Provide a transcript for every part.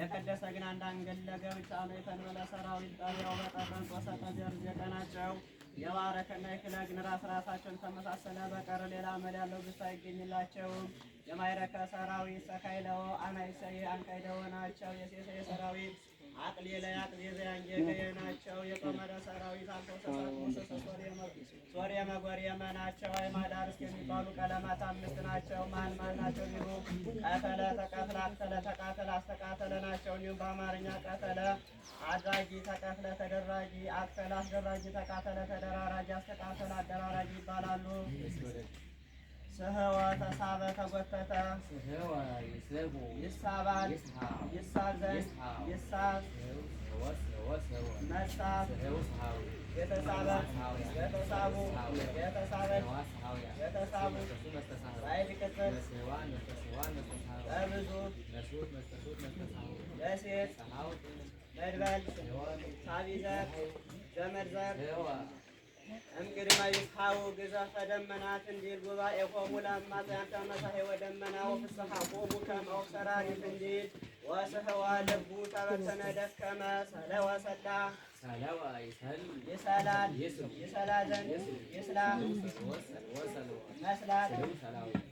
የቅድስት ግን አንድ አንገል ለገብጫ ነው የተንበለ ሰራዊት ጣቢያው በጠረን ቆሰጠ የቀናቸው የባረከና የክለግን ራስ ራሳቸውን ተመሳሰለ በቀር ሌላ አመል ያለው ግብፅ አይገኝላቸውም። የማይረከ ሰራዊት ሰካይለው አናይሰይ አንቀይደው ናቸው። የሴሰይ ሰራዊት አቅሌ ላይ አቅሌ ዘያንጌ ናቸው። የቆመደ ሰራዊት አልፎ ሰሰሶሌ የመጎሪየመ ናቸው። የማዳርስ የሚባሉ ቀለማት አምስት ናቸው። ማን ማን ናቸው ቢሉ ቀተለ፣ ተቀትለ፣ አክተለ፣ ተቃተለ፣ አስተቃተለ ናቸው። እንዲሁም በአማርኛ ቀተለ አድራጊ፣ ተቀትለ ተደራጊ፣ አክተለ አስደራጊ፣ ተቃተለ ተደራራጊ፣ አስተቃተለ አደራራጊ ይባላሉ። ስህወ ተሳበ ተጎተተ ይሳባል ይሳዘን ይሳዝ መሳብ የተሳበ የተሳቡ በብዙ ለሴት መድበል ሳቢ ዘር ይፍሐው ግዘፈ ደመናት እንዲል ጉባኤ ሆሙ ለአማጽያን ተመሳሄ ወደመና ወፍስሐ ቆሙ ከመው ሰራሪት እንዲል ወስህዋ ልቡ ተበተነ ደከመ ሰለ ወሰላ ይሰላል ይሰላ ዘንድ ይስላ መስላት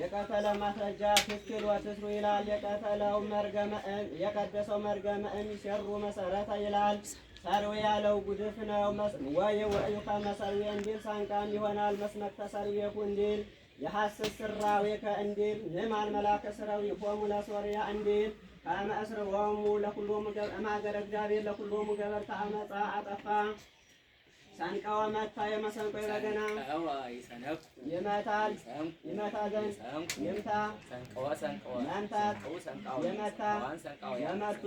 የቀተለው ማስረጃ ትክክል ወትትሩ ይላል። የቀደሰው መርገመ የሚሰሩ መሰረተ ይላል። ሰርዌ ያለው ጉድፍ ነው። ወይ ወእዩከ መሰርዌ እንዲል ሳንቃም ይሆናል። መስመክ ተሰርዌኩ እንዲል የሐስስ ስራዌ ከእንዲል ንማል መላከ ስረዊ ሆሙ ለሶርያ እንዲል ከመ እስርሆሙ ለኩሎሙ እማገረ እግዚአብሔር ለኩሎሙ ገበርተ አመፃ አጠፋ ሰንቀዋ መታ የመሰንቆ የበገና ይመታል ይመታ ዘንድ ይምታ መምታት የመታ የመቱ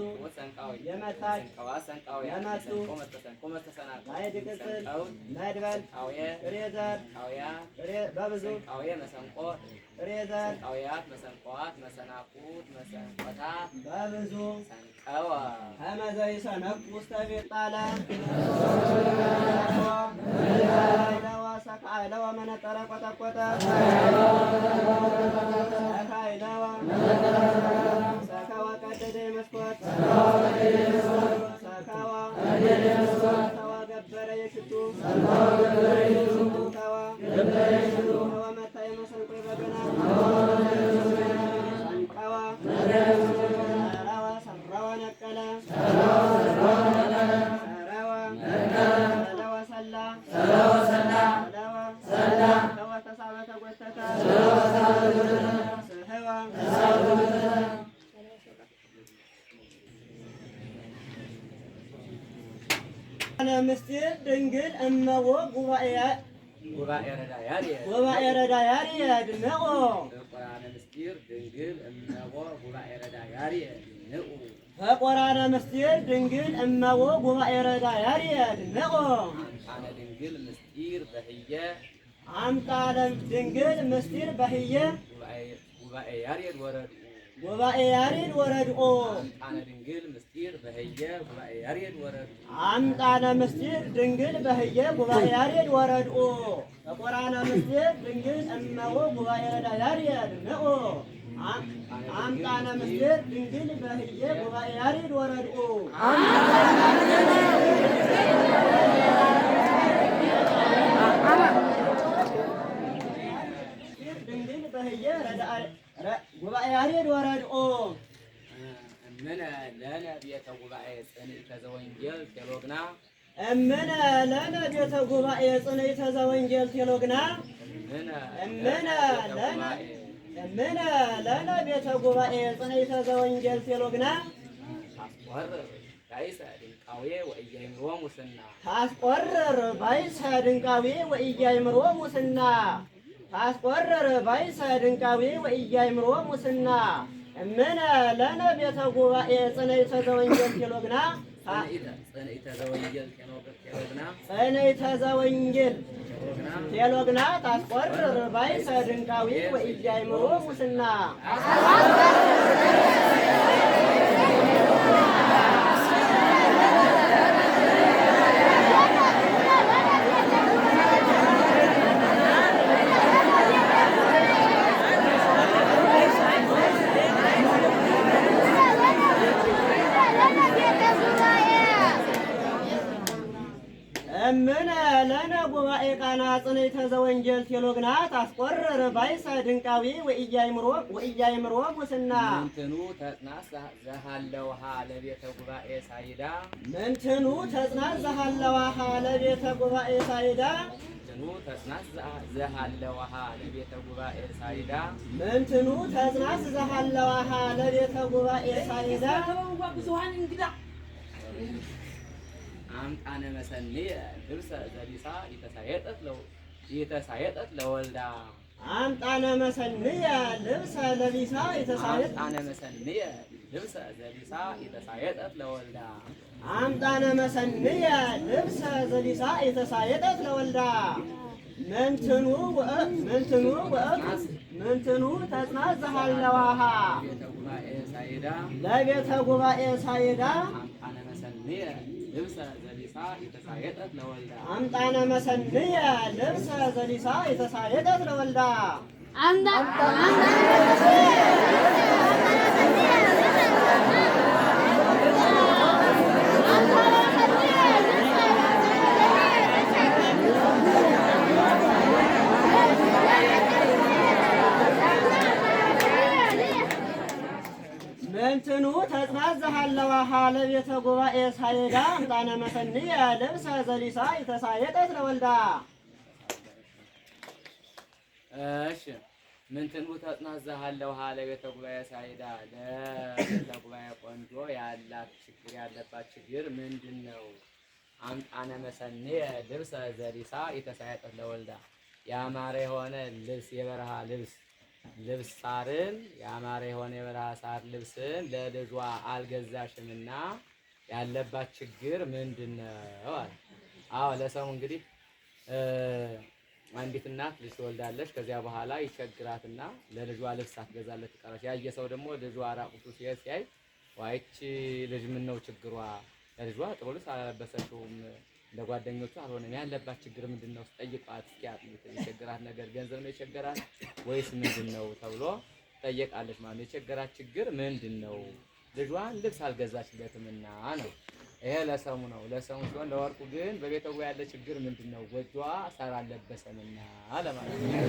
የመታች የመቱ ማየድ ቅጽል መድበል ጥሬ ዘር በብዙ ጥሬ ዘር በብዙ ከመዘ ይሰነቅ ውስተ ቤት ጣለ ከአይለወ መነጠረ ቆጠቆጠ ከአይለወ ሰከወ ቀደደ መስኮት ሰከወ ሰከወ ገበረ የሽቱ ሰከወ ገበረ የሽቱ ሰከወ ገበረ የሽቱ أنا مستر دنجل أما وقوائي وقوائي رداياري وقوائي رداياري دنقو أنا مستر دنجل أما وقوائي رداياري دنقو فقرانا مستير دنجل أما وقوة إرادة ياريا دنقوم عن دنجل مستير بهية عن دنجل مستير بهية وقوة ياريا ጉባኤ ያሬድ ወረድኦ አምጣነ ድንግል ምስጢር በህየ ጉባኤ ያሬድ ወረድኦ አምጣነ ምስጢር ድንግል በህየ ጉባኤ ያሬድ ወረድኦ ተቆራነ ምስጢር ድንግል እመሆ ጉባኤ ረዳ ያሬድ ንኦ አምጣነ ምስጢር ድንግል በህየ ጉባኤ ያሬድ ወረድኦ ድንግል በህየ ረዳ ጉባኤ ያሬድ ወረድኦ እምነ ለነ ቤተ ጉባኤ ጽንዕተ ዘወንጌል ቴሎግና እምነ ለነ ቤተ ጉባኤ ጽንዕተ ዘወንጌል ቴሎግና እምነ ለነ እምነ ለነ ቤተ ጉባኤ ጽንዕተ ዘወንጌል ቴሎግና ታስቆርር ባይሰ ድንቃዌ ወእያይምሮ ሙስና አስቆረረ ባይሰ ድንቃዊ ወእያይምሮ ሙስና እምነ ለነ ቤተ ጉባኤ ጽነይተ ዘወንጌል ቴሎግና ጽነይተ ዘወንጌል ቴሎግና ታስቆርር ባይሰ ድንቃዊ ወእያይምሮ ሙስና ወላይሰ ድንቃዊ ወእያይምሮ ወእያይምሮ ሙስና ምንትኑ ተጽናስ ዘሃለውሃ ለቤተ ጉባኤ ሳይዳ ምንትኑ ተጽና ዘሃለውሃ ለቤተ ጉባኤ ሳይዳ ምንትኑ ተጽናስ ዘሃለውሃ ለቤተ ጉባኤ ሳይዳ ምንትኑ ተጽናስ ዘሃለውሃ ለቤተ ጉባኤ ሳይዳ ብዙሃን እንግዳ አምጣነ መሰኔ ልብሰ ዘሊሳ የተሳየጠት ለወልዳ አምጣነ መሰንየ ልብሰ ለቢሳ የተሳየጠ አምጣነ መሰንየ ልብሰ ዘቢሳ የተሳየጠት ለወልዳ አምጣነ መሰንየ ልብሰ ዘቢሳ የተሳየጠት ለወልዳ መንትኑ መንትኑ መንትኑ ተጽናት ለቤተ ጉባኤ ሳይዳ አምጣነ መሰንየ ልብሰ ዘሊሳ የተሳየጠት ለወልዳ አምጣነ መሰንየ ሀለቤተ ጉባኤ ሳይዳ እምጣነ መሰኒ ልብሰ ዘሊሳ የተሳየጠ ለወልዳ እሺ ምንትን ተጽናዛሃለሁ ሀለቤተ ጉባኤ ሳይዳ ለቤተ ጉባኤ ቆንጆ ያላት ችግር ያለባት ችግር ምንድን ነው? አምጣነ መሰኒ ልብሰ ዘሊሳ የተሳየጠ ለወልዳ ያማረ የሆነ ልብስ የበረሃ ልብስ ልብስ ሳርን ያማረ የሆነ የበረሃ ሳር ልብስን ለልጇ አልገዛሽምና ያለባት ችግር ምንድን ነው አለ። አዎ ለሰው እንግዲህ አንዲት እናት ልጅ ትወልዳለች። ከዚያ በኋላ ይቸግራትና ለልጇ ልብስ አትገዛለት ትቀራች። ያየ ሰው ደግሞ ልጇ ራቁቱ ሲያይ ዋይቺ ልጅ ምን ነው ችግሯ? ለልጇ ጥሩ ልብስ አላለበሰችውም እንደ ጓደኞቹ አልሆነም። ያለባት ችግር ምንድን ነው ስጠይቋት፣ እስኪ አጥኚት የቸገራት ነገር ገንዘብ ነው የቸገራት ወይስ ምንድን ነው ተብሎ ጠየቃለች ማለት ነው። የቸገራት ችግር ምንድን ነው? ልጇን ልብስ አልገዛችለትምና ነው። ይሄ ለሰሙ ነው። ለሰሙ ሲሆን ለወርቁ ግን በቤተው ያለ ችግር ምንድን ነው? ጎጆዋ ሳር አልለበሰምና ለማለት ነው።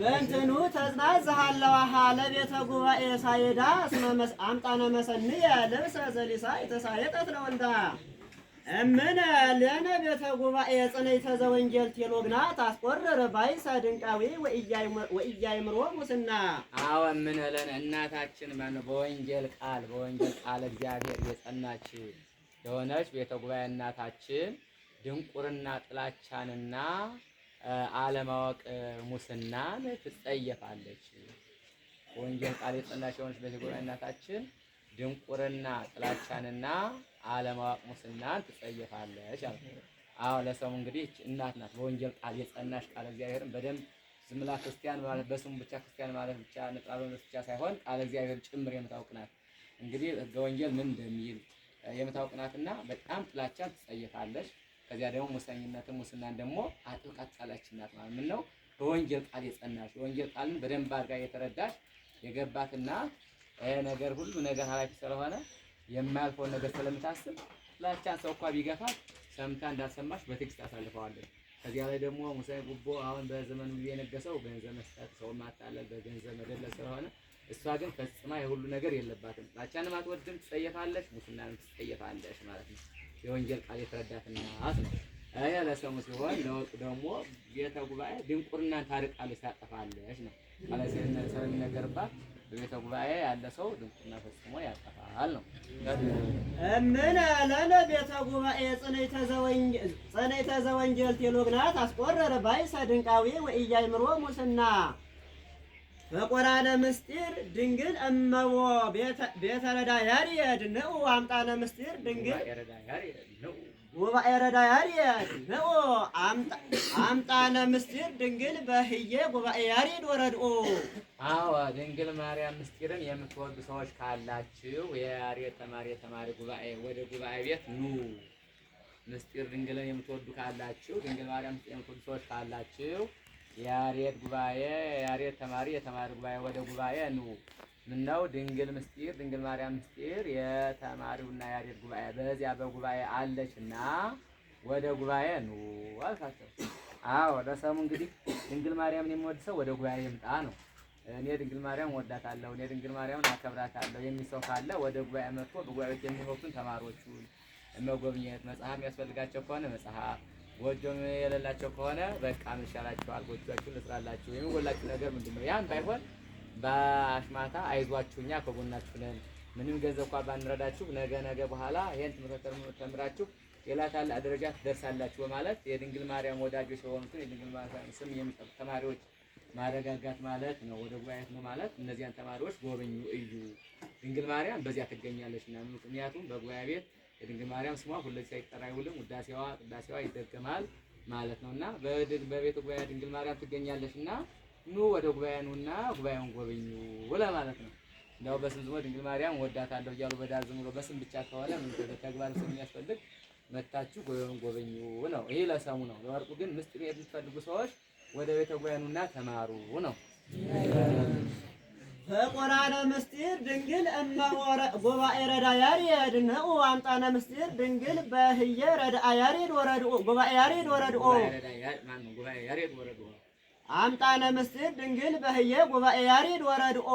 ምንትኑ ተዝናዝሃለዋሃ ለቤተ ጉባኤ ሳይዳ አምጣነ መሰንየ ልብሰ ዘሊሳ የተሳየጠት ለወልዳ እምነ ለነ ቤተ ጉባኤ ጽንዕተ ዘወንጌል ቴሎግና ታስቆርር ባይሰ ድንቃዊ ወእያይምሮ ሙስና። አዎ እምነ ለነ እናታችን ማነው በወንጌል ቃል በወንጌል ቃል እግዚአብሔር የጸናች የሆነች ቤተ ጉባኤ እናታችን ድንቁርና ጥላቻንና አለማወቅ ሙስናን ትጸየፋለች። ወንጌል ቃል የጸናች የሆነች ቤተጉባኤ እናታችን ድንቁርና ጥላቻንና አለማወቅ ሙስናን ትጸየፋለች አለ። አዎ ለሰው እንግዲህ እናት ናት። በወንጌል ቃል የጸናች ቃል እግዚአብሔርን በደንብ ዝምላ ክርስቲያን ማለት በስሙ ብቻ ክርስቲያን ማለት ብቻ ነጣሎ ብቻ ሳይሆን ቃል እግዚአብሔር ጭምር የምታውቅ ናት። እንግዲህ በወንጀል ወንጌል ምን እንደሚል የምታውቅ ናትና በጣም ጥላቻን ትጸየፋለች። ከዚያ ደግሞ ሙሰኝነትን ሙስናን ደግሞ አጥብቃ ትጣላች እናት ማለት ምን ነው? በወንጌል ቃል የጸናች የወንጌል ቃልን በደንብ አድርጋ የተረዳች የገባትና ነገር ሁሉ ነገር ኃላፊ ስለሆነ የማያልፈውን ነገር ስለምታስብ ጥላቻን ሰው እንኳ ቢገፋት ሰምታ እንዳልሰማች በትዕግስት አሳልፈዋለች። ከዚያ ላይ ደግሞ ሙሰኝ ጉቦ አሁን በዘመኑ ጊዜ የነገሰው ገንዘብ መስጠት፣ ሰው ማታለል፣ በገንዘብ መደለ ስለሆነ እሷ ግን ፈጽማ የሁሉ ነገር የለባትም። ጥላቻንም አትወድም፣ ትጸየፋለች፣ ሙስናንም ትጸየፋለች ማለት ነው። የወንጌል ቃል የተረዳት እናት ነው። ይሄ ለሰሙ ሲሆን ለወጡ ደግሞ ቤተ ጉባኤ ድንቁርናን ታርቃለች፣ ታጠፋለች ነው ማለት ስለሚነገርባት በቤተ ጉባኤ ያለ ሰው ድንቁርና ፈጽሞ ያጠፋል ነው። እምነ ለነ ቤተ ጉባኤ ጽነይ ዘወንጀል ቴሎግናት አስቆረረ ባይሰ ድንቃዊ ወኢያእምሮ ሙስና በቆራነ ምስጢር ድንግል እመቦ ቤተረዳ ያርየድ ንዑ አምጣነ ምስጢር ድንግል ወባኤ ረዳ ያርየድ ንዑ አምጣነ ምስጢር ድንግል በህየ ጉባኤ ያርየድ ወረድኡ። አዎ ድንግል ማርያም ምስጢርን የምትወዱ ሰዎች ካላችሁ የያሬድ ተማሪ የተማሪ ጉባኤ ወደ ጉባኤ ቤት ኑ። ምስጢር ድንግልን የምትወዱ ካላችሁ ድንግል ማርያም ምስጢር የምትወዱ ሰዎች ካላችሁ የአሬት ጉባኤ የአሬት ተማሪ የተማሪ ጉባኤ ወደ ጉባኤ ኑ ምነው ድንግል ምስጢር ድንግል ማርያም ምስጢር የተማሪውና የአሬት ጉባኤ በዚያ በጉባኤ አለችና ወደ ጉባኤ ኑ አልኳቸው። አዎ ለሰሙ እንግዲህ ድንግል ማርያምን የሚወድ ሰው ወደ ጉባኤ ይምጣ ነው። እኔ ድንግል ማርያም ወዳታለሁ፣ እኔ ድንግል ማርያምን አከብራታለሁ የሚል ሰው ካለ ወደ ጉባኤ መጥቶ ውስጥ የሚሆኑትን ተማሪዎቹን መጎብኘት፣ መጽሐፍ የሚያስፈልጋቸው ከሆነ መጽሐፍ ጎጆም የሌላቸው ከሆነ በቃ ምን ይሻላችኋል? ጎጆአችሁን ልስራላችሁ። የሚጎላችሁ ነገር ምንድን ነው? ያን ባይሆን በአሽማታ አይዟችሁ፣ እኛ ከጎናችሁ ነን። ምንም ገንዘብ እንኳን ባንረዳችሁ ነገ ነገ በኋላ ይሄን ትምህርት ተምራችሁ ሌላ ታላቅ ደረጃ ትደርሳላችሁ በማለት የድንግል ማርያም ወዳጆች የሆኑትን የድንግል ማርያም ስም የሚጠሩ ተማሪዎች ማረጋጋት ማለት ነው። ወደ ጉባኤት ነው ማለት እነዚያን ተማሪዎች ጎበኙ፣ እዩ ድንግል ማርያም በዚያ ትገኛለች እና ምክንያቱም በጉባኤ ቤት የድንግል ማርያም ስሟ ሁልጊዜ ሳይጠራ አይውልም፣ ውዳሴዋ ቅዳሴዋ ይደገማል ማለት ነውና በቤተ ጉባኤ ድንግል ማርያም ትገኛለች እና ኑ ወደ ጉባኤ ኑና ጉባኤውን ጎብኙ ማለት ነው። እንደው በስም ዝሞ ድንግል ማርያም ወዳታለሁ እያሉ በዳር ዝም ብሎ በስም ብቻ ከሆነ ምን ተግባር ስለሚያስፈልግ መታችሁ ጉባኤውን ጎበኙ ነው። ይሄ ለሰሙ ነው። ለወርቁ ግን ምስጢር የምትፈልጉ ሰዎች ወደ ቤተ ጉባኤ ኑና ተማሩ ነው። በቆራነ ምስጢር ድንግል እመ ጉባኤ ረዳ ያሬድ ነው አምጣነ ምስጢር ድንግል በህየ ረዳ ያሬድ ወረድኦ ጉባኤ ያሬድ ወረድኦ አምጣነ ምስጢር ድንግል በህየ ጉባኤ ያሬድ ወረድኦ